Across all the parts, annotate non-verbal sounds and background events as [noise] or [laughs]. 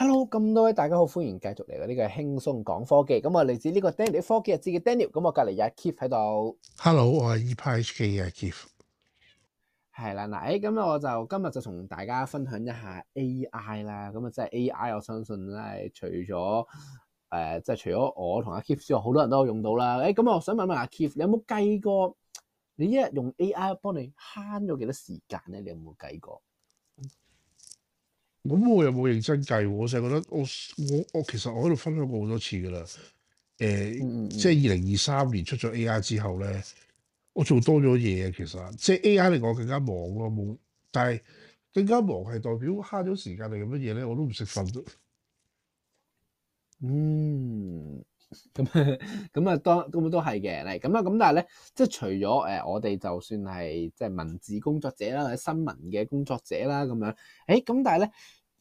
Hello，咁多位大家好，歡迎繼續嚟到呢個輕鬆講科技。咁我嚟自呢個 Daniel 科技日誌嘅 Daniel，咁我隔籬有阿 Keith 喺度。Hello，我係 ePrice HK 嘅阿 Keith。係啦，嗱，誒，咁我就今日就同大家分享一下 AI 啦。咁啊，即係 AI，我相信咧，呃就是，除咗誒，即係除咗我同阿 Keith 之外，好多人都有用到啦。誒、欸，咁我想問一問問阿 Keith，你有冇計過你一日用 AI 幫你慳咗幾多時間咧？你有冇計過？咁我又冇認真計，我成日覺得我我我其實我喺度分享過好多次㗎啦。誒、呃，嗯、即係二零二三年出咗 AI 之後咧，我做多咗嘢啊。其實，即係 AI 令我更加忙咯，冇。但係更加忙係代表慳咗時間定係乜嘢咧？我都唔識分。嗯。咁咁啊，當咁 [laughs] 都係嘅，嚟咁啊咁，但係咧，即係除咗誒，我哋就算係即係文字工作者啦，或者新聞嘅工作者啦，咁樣，誒、欸，咁但係咧，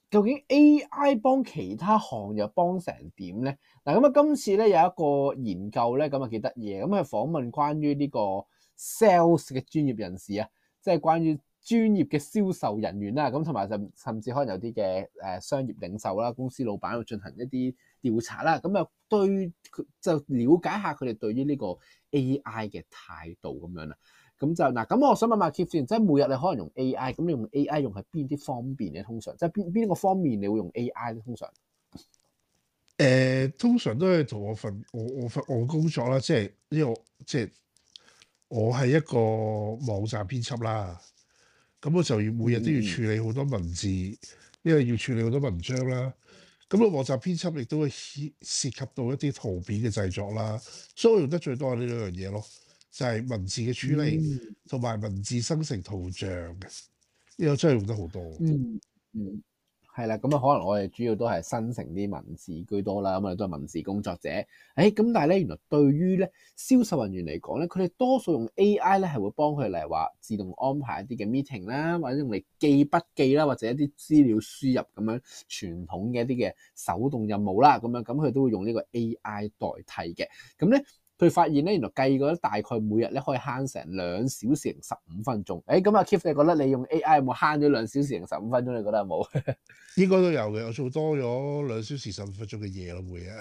究竟 AI 幫其他行業，幫成點咧？嗱，咁啊，今次咧有一個研究咧，咁啊幾得意，咁啊訪問關於呢個 sales 嘅專業人士啊，即係關於。專業嘅銷售人員啦，咁同埋就甚至可能有啲嘅誒商業領袖啦，公司老闆去進行一啲調查啦，咁啊對就了解下佢哋對於呢個 A I 嘅態度咁樣啦。咁就嗱，咁我想問下 Mark 先，in, 即係每日你可能用 A I，咁你用 A I 用喺邊啲方便咧？通常即係邊邊個方面你會用 A I 咧？通常誒、欸，通常都係同我,我,我份我我份我工作啦，即係呢個即係我係一個網站編輯啦。咁我就要每日都要處理好多文字，嗯、因為要處理好多文章啦。咁個網站編輯亦都會涉及到一啲圖片嘅製作啦，所以我用得最多係呢兩樣嘢咯，就係、是、文字嘅處理同埋、嗯、文字生成圖像嘅，呢個真係用得好多。嗯嗯。係啦，咁啊可能我哋主要都係新城啲文字居多啦，咁啊都係文字工作者。誒、哎，咁但係咧，原來對於咧銷售人員嚟講咧，佢哋多數用 AI 咧係會幫佢嚟話自動安排一啲嘅 meeting 啦，或者用嚟記筆記啦，或者一啲資料輸入咁樣傳統嘅一啲嘅手動任務啦，咁樣咁佢都會用呢個 AI 代替嘅。咁咧。佢發現咧，原來計過大概每日咧可以慳成兩小時十五分鐘。誒，咁啊，Kip，你覺得你用 AI 有冇慳咗兩小時十五分鐘？你覺得有冇？ [laughs] 應該都有嘅，我做多咗兩小時十五分鐘嘅嘢咯，冇嘢。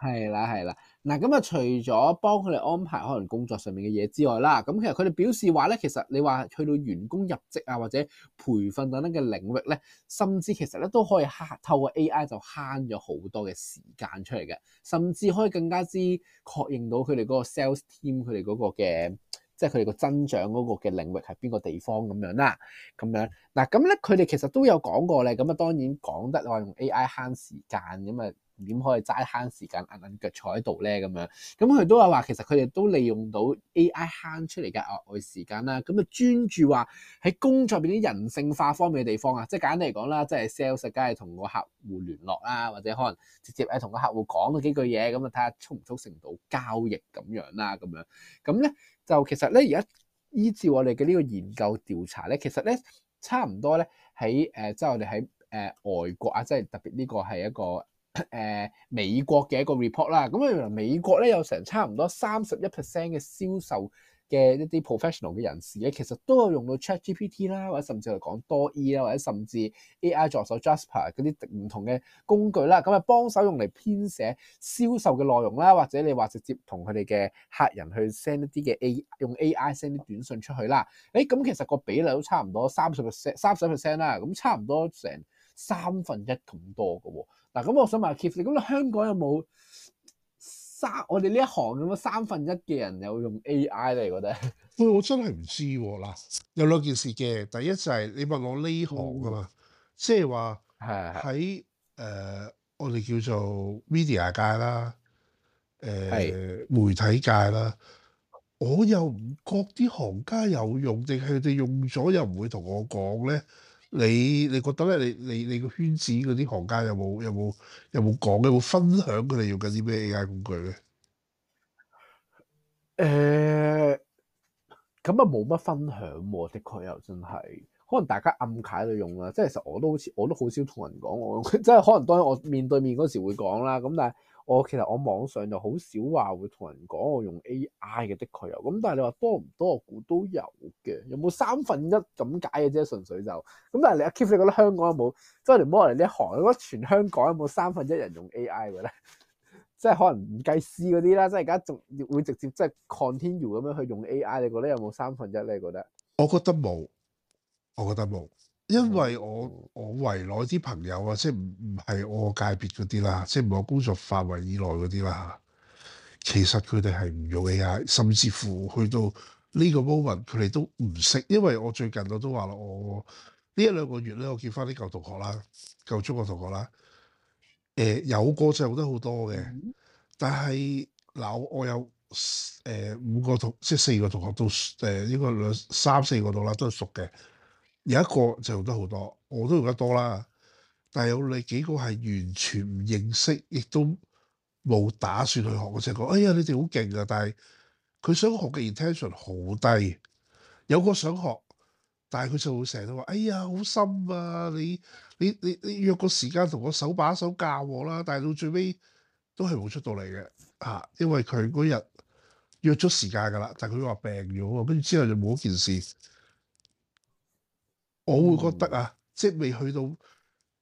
係 [laughs] 啦，係啦。嗱咁啊，除咗幫佢哋安排可能工作上面嘅嘢之外啦，咁其實佢哋表示話咧，其實你話去到員工入職啊，或者培訓等等嘅領域咧，甚至其實咧都可以慳透過 AI 就慳咗好多嘅時間出嚟嘅，甚至可以更加之確認到佢哋嗰個 Sales Team 佢哋嗰個嘅，即係佢哋個增長嗰個嘅領域係邊個地方咁樣啦，咁樣嗱咁咧，佢哋其實都有講過咧，咁啊當然講得話用 AI 慳時間咁啊。點可以齋慳時間硬硬腳坐喺度咧？咁樣咁佢都係話，其實佢哋都利用到 AI 慳出嚟嘅額外時間啦。咁啊，專注話喺工作入邊啲人性化方面嘅地方啊，即係簡單嚟講啦，即係 sales 梗係同個客戶聯絡啦，或者可能直接係同個客戶講咗幾句嘢，咁啊睇下促唔促成到交易咁樣啦，咁樣咁咧就其實咧而家依照我哋嘅呢個研究調查咧，其實咧差唔多咧喺誒，即係我哋喺誒外國啊，即係特別呢個係一個。誒、呃、美國嘅一個 report 啦，咁、嗯、啊原來美國咧有成差唔多三十一 percent 嘅銷售嘅一啲 professional 嘅人士咧，其實都有用到 ChatGPT 啦，或者甚至係講多 E 啦，或者甚至 AI 助手 Jasper 嗰啲唔同嘅工具啦，咁、嗯、啊幫手用嚟編寫銷售嘅內容啦，或者你話直接同佢哋嘅客人去 send 一啲嘅 A 用 AI send 啲短信出去啦。誒、欸、咁、嗯、其實個比例都差唔多三十 percent，三十 percent 啦，咁、嗯、差唔多成三分一咁多㗎喎、啊。嗱，咁、嗯、我想問下 Kip 你咁你香港有冇三我哋呢一行咁樣三分一嘅人有用 AI 嚟？我覺得，喂，我真係唔知喎、啊。嗱，有兩件事嘅，第一就係你問我呢行㗎嘛，即係話喺誒我哋叫做 media 界啦，誒、呃、是媒體界啦，我又唔覺啲行家有用定係佢哋用咗又唔會同我講咧。你你覺得咧？你你你個圈子嗰啲行家有冇有冇有冇講？有冇分享佢哋用緊啲咩 AI 工具咧？誒、呃，咁啊冇乜分享喎，的確又真係，可能大家暗啞底喺度用啦。即係其實我都好似我都好少同人講我，即係可能當然我面對面嗰時會講啦。咁但係。我其實我網上就好少話會同人講我用 AI 嘅，的確有。咁但係你話多唔多？我估都有嘅。有冇三分一咁解嘅啫？純粹就咁。但係你阿 Keep，你覺得香港有冇多條毛嚟呢一行？你覺得全香港有冇三分一人用 AI 嘅咧？ [laughs] 即係可能唔計師嗰啲啦，即係而家仲會直接即係 continue 咁樣去用 AI 你有有。你覺得有冇三分一咧？你覺得我覺得冇，我覺得冇。因為我我圍內啲朋友啊，即係唔唔係我界別嗰啲啦，即係唔係我工作範圍以內嗰啲啦。其實佢哋係唔容易呀，甚至乎去到呢個 moment，佢哋都唔識。因為我最近我都話啦，我呢一兩個月咧，我見翻啲舊同學啦，舊中國同學啦。誒、呃，有過剩都好多嘅，但係嗱、呃，我有誒、呃、五個同即係四個同學都誒應該兩三四個度啦，都係熟嘅。有一個就用得好多，我都用得多啦。但係有你幾個係完全唔認識，亦都冇打算去學。我成日講：哎呀，你哋好勁啊！但係佢想學嘅 intention 好低。有個想學，但係佢就會成日都話：哎呀，好深啊！你你你你約個時間同我手把手教我啦。但係到最尾都係冇出到嚟嘅嚇，因為佢嗰日約咗時間㗎啦，但係佢話病咗，跟住之後就冇件事。我會覺得啊，即係未去到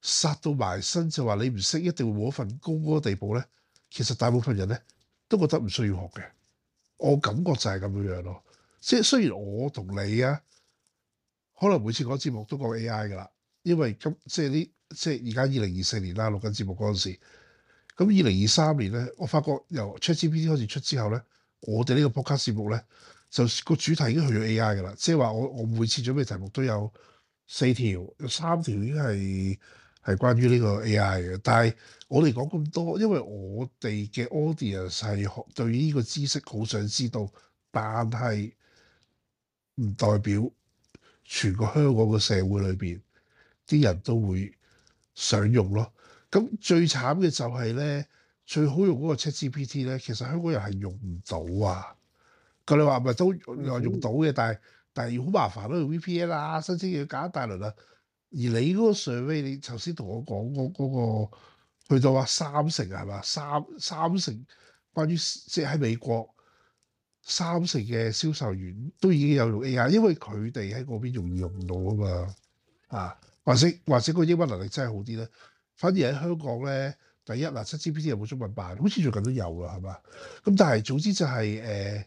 殺到埋身就話你唔識，一定冇一份工嗰個地步咧。其實大部分人咧都覺得唔需要學嘅。我感覺就係咁樣樣、啊、咯。即係雖然我同你啊，可能每次講節目都講 A I 噶啦，因為今即係呢，即係而家二零二四年啦、啊，錄緊節目嗰陣時，咁二零二三年咧，我發覺由 Chat G P T 開始出之後咧，我哋呢個播客節目咧就個主題已經去咗 A I 噶啦。即係話我我每次準備題目都有。四條有三條已經係係關於呢個 AI 嘅，但係我哋講咁多，因為我哋嘅 audience 係對於呢個知識好想知道，但係唔代表全個香港嘅社會裏邊啲人都會想用咯。咁最慘嘅就係、是、咧，最好用嗰個 ChatGPT 咧，其實香港人係用唔到啊。佢哋話咪都用、嗯、用到嘅，但係。但係好麻煩咯，用 VPN 啦，新鮮嘢搞一大輪啊。而你嗰個 survey 你頭先同我講嗰、嗰個嗰個，去到話三成啊，係嘛？三三成關於即係喺美國，三成嘅銷售員都已經有用 AI，因為佢哋喺嗰邊容易用到啊嘛。啊，或者或者嗰個英文能力真係好啲咧。反而喺香港咧，第一嗱，ChatGPT 有冇中文版？好似最近都有啦，係嘛？咁但係總之就係、是、誒。呃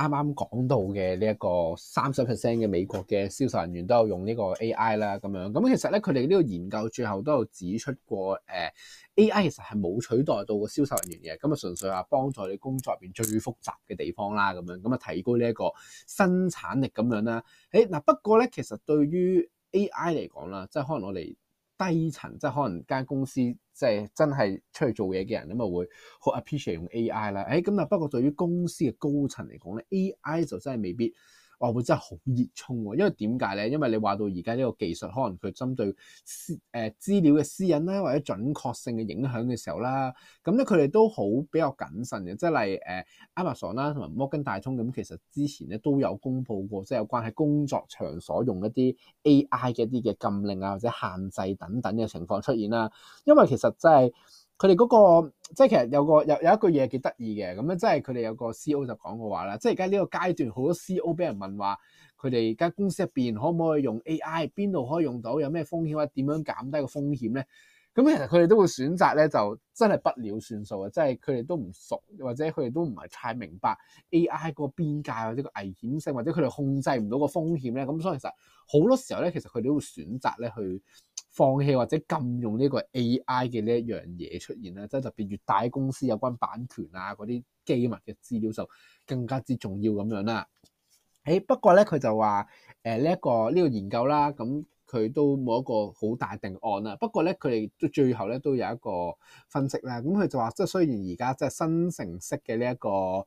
啱啱講到嘅呢一個三十 percent 嘅美國嘅銷售人員都有用呢個 AI 啦，咁樣咁其實咧佢哋呢個研究最後都有指出過，誒、呃、AI 其實係冇取代到個銷售人員嘅，咁啊純粹話幫助你工作入邊最複雜嘅地方啦，咁樣咁啊提高呢一個生產力咁樣啦。誒、欸、嗱不過咧，其實對於 AI 嚟講啦，即係可能我哋低層，即係可能間公司。即係真係出去做嘢嘅人，咁啊會好 appreciate 用 AI 啦。誒、哎，咁啊，不過對於公司嘅高層嚟講咧，AI 就真係未必。我會真係好熱衷喎，因為點解咧？因為你話到而家呢個技術，可能佢針對私誒資料嘅私隱啦，或者準確性嘅影響嘅時候啦，咁咧佢哋都好比較謹慎嘅，即係例如誒，Amazon 啦同埋摩根大通咁，其實之前咧都有公佈過，即係有關喺工作場所用一啲 AI 嘅一啲嘅禁令啊，或者限制等等嘅情況出現啦。因為其實真係。佢哋嗰個即係其實有個有有一句嘢幾得意嘅，咁樣即係佢哋有個 CEO 就講過話啦，即係而家呢個階段好多 CEO 俾人問話，佢哋而家公司入邊可唔可以用 AI 邊度可以用到，有咩風險或者點樣減低個風險咧？咁其實佢哋都會選擇咧，就真係不了算數啊！即係佢哋都唔熟，或者佢哋都唔係太明白 AI 嗰個邊界或者個危險性，或者佢哋控制唔到個風險咧。咁所以其實好多時候咧，其實佢哋都會選擇咧去。放棄或者禁用呢個 AI 嘅呢一樣嘢出現啦，即係特別越大公司有關版權啊嗰啲機密嘅資料就更加之重要咁樣啦。誒、欸、不過咧佢就話誒呢一個呢、這個研究啦，咁、嗯、佢都冇一個好大定案啊。不過咧佢哋都最後咧都有一個分析啦。咁、嗯、佢就話即係雖然而家即係生成式嘅呢一個。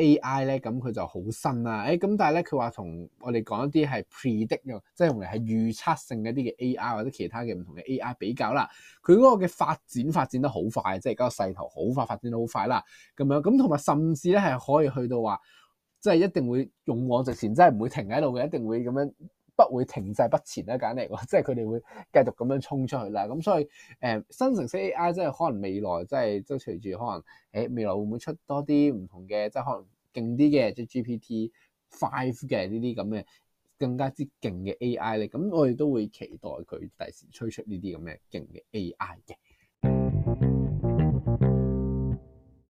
A.I. 咧咁佢就好新啦、啊，誒、哎、咁但係咧佢話同我哋講一啲係 predict，即係用嚟係預測性一啲嘅 A.I. 或者其他嘅唔同嘅 A.I. 比較啦，佢嗰個嘅發展發展得好快，即係嗰個勢頭好快發展得好快啦，咁樣咁同埋甚至咧係可以去到話，即、就、係、是、一定會勇往直前，即係唔會停喺度嘅，一定會咁樣。不會停滯不前咧，簡嚟喎，即係佢哋會繼續咁樣衝出去啦。咁所以誒、呃，新城色 AI 即係可能未來、就是，即係都隨住可能誒、欸、未來會唔會出多啲唔同嘅，即係可能勁啲嘅，即係 GPT Five 嘅呢啲咁嘅更加之勁嘅 AI 咧。咁我哋都會期待佢第時推出呢啲咁嘅勁嘅 AI 嘅。